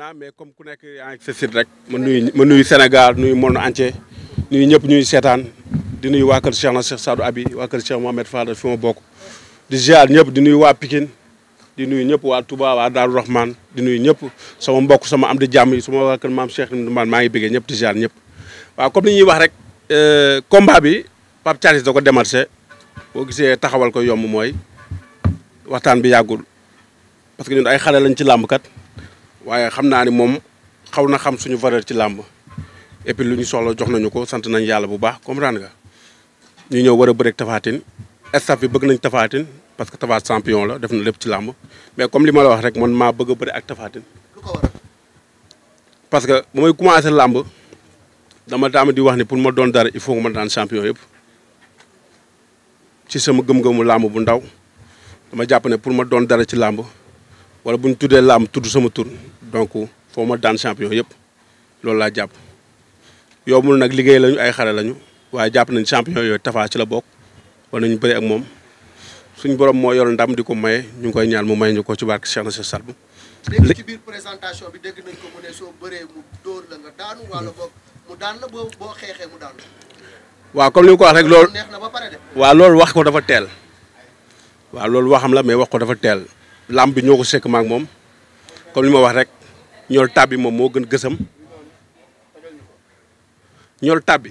naa mais comme ku nekk yaa ci sa site rek ma nuyu ma nuyu Sénégal nuyu monde entier nuyu ñëpp ñuy seetaan di nuy waa kër Cheikh na Cheikh Sadou Abi waa kër Cheikh Mohamed Fall fi ma bokk di ziar ñëpp di nuyu waa Pikine di nuyu ñëpp waa Touba waa Daaru Rahman di nuyu ñëpp sama mbokk sama am di jàmm yi ma waa kër maam Cheikh man maa ngi bëggee ñëpp di ziar ñëpp waaw comme ni ñuy wax rek euh, combat bi Pape Thialis ko démarché boo gisee taxawal ko yomb mooy waxtaan bi yàggul parce que ñun ay xale lañ ci làmbkat waaye xam naa ni moom xaw na xam suñu valeur ci làmb et puis lu ñu soxla jox nañu ko sant nañ yàlla bu baax comprendre nga ñu ñëw war a bëreeg Tapha Tine staff bi bëgg nañ Tapha parce que Tapha champion la def na lépp ci làmb mais comme li ma la wax rek man maa bëgg a bëri ak Tapha parce que bu may commencé làmb dama daama di wax ni pour ma doon dara il faut que ma daan champion yëpp ci sama gëm-gëmu làmb bu ndaw dama jàpp ne pour ma doon dara ci làmb wala bu ñu tuddee laam tudd sama tur donc foo ma daan champion yëpp loolu laa jàpp yombul nag liggéey lañu ay xare lañu waaye jàpp nañ champion yooyu Tapha ci la bokk war nañu bëri moom suñu borom moo yor ndam di ko maye ñu ngi koy ñaan mu may ñu ko ci barke Cheikh Nassir Salbu. léegi biir présentation bi dégg nañ ko mu ne soo bëree wax rek loolu neex loolu wax ko dafa teel. waa loolu waxam la mais wax ko dafa teel. lamb bi ñoko sék mak mom comme lima wax rek ñol tabbi mom mo gën gëssam ñol tabbi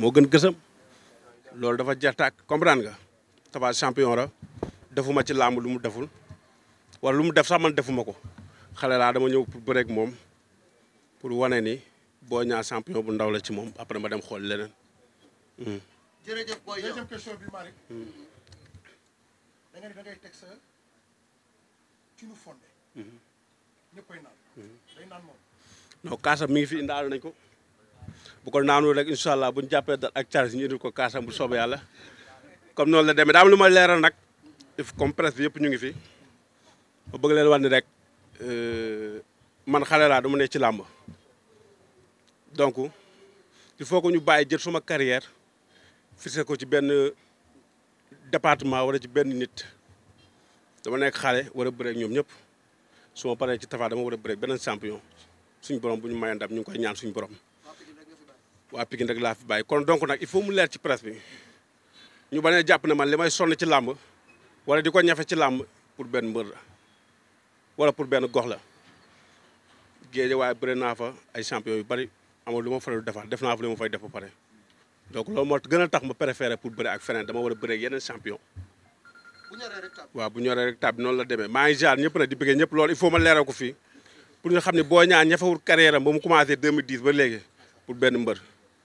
mo gën gëssam lool dafa jeextaak comprendre nga taba champion ra defuma ci lamb lu mu deful wala lu mu def sax man defuma ko xale laa dama ñew pour bëreeg mom pour wane ni bo ñaa champion bu ndaw la ci mom après ma dem xol leneen. Hmm. jërëjëf boy yow deuxième question bi Malick. Hmm. da ngay da ngay tek sa. ci nu fonde mm-hmm. ñëppay naan mm-hmm. day naan moom mi ngi fi indaal nañ ko bu ko naanul rek incha allah bu ñu jàppee dal ak charge ñu indil ko kaasam bu soobee yàlla comme noonu la deme daa am lu ma leeral nag comme presse bi yëpp ñu ngi fi ma bëgg leen wax ni rek euh, man xale laa dama ne ci làmb donc il faut que ñu bàyyi jël suma carrière fise ko ci benn département wala ci benn nit dama nekk xaale war a bëreeg ñoom ñëpp su ma paree ci tafaa dama war a bëreeg beneen champion suñu borom bu ñu mayee ndam ñu ngi koy ñaan suñu borom waa Pikine rek laa fi bàyyi kon donc nag il faut mu leer ci presse bi ñu bañ a jàpp ne man li may sonn ci làmb wala di ko ñafe ci làmb pour benn mbër la wala pour benn gox la géej waaye bëre naa fa ay champion yu bari amul lu ma faral defar def naa fa lu ma fay def ba pare donc loolu moo gën a tax ma préféré pour bëre ak feneen dama war a bëre yeneen champion waaw bu ñoree rek tab bi noonu la demee maa ngi jaar ñëpp nag di bëggee ñëpp loolu il faut ma leeral ko fii pour ñu xam ne boo ñaan ñafewul carrière am ba mu commencé 2010 ba léegi pour benn mbër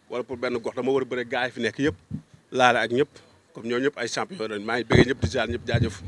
wala pour benn gox dama war a bëre gaa yi fi nekk yëpp laale ak ñëpp comme ñoo ñëpp ay champion maa ngi bëggee ñëpp di jaar ñëpp jaajëf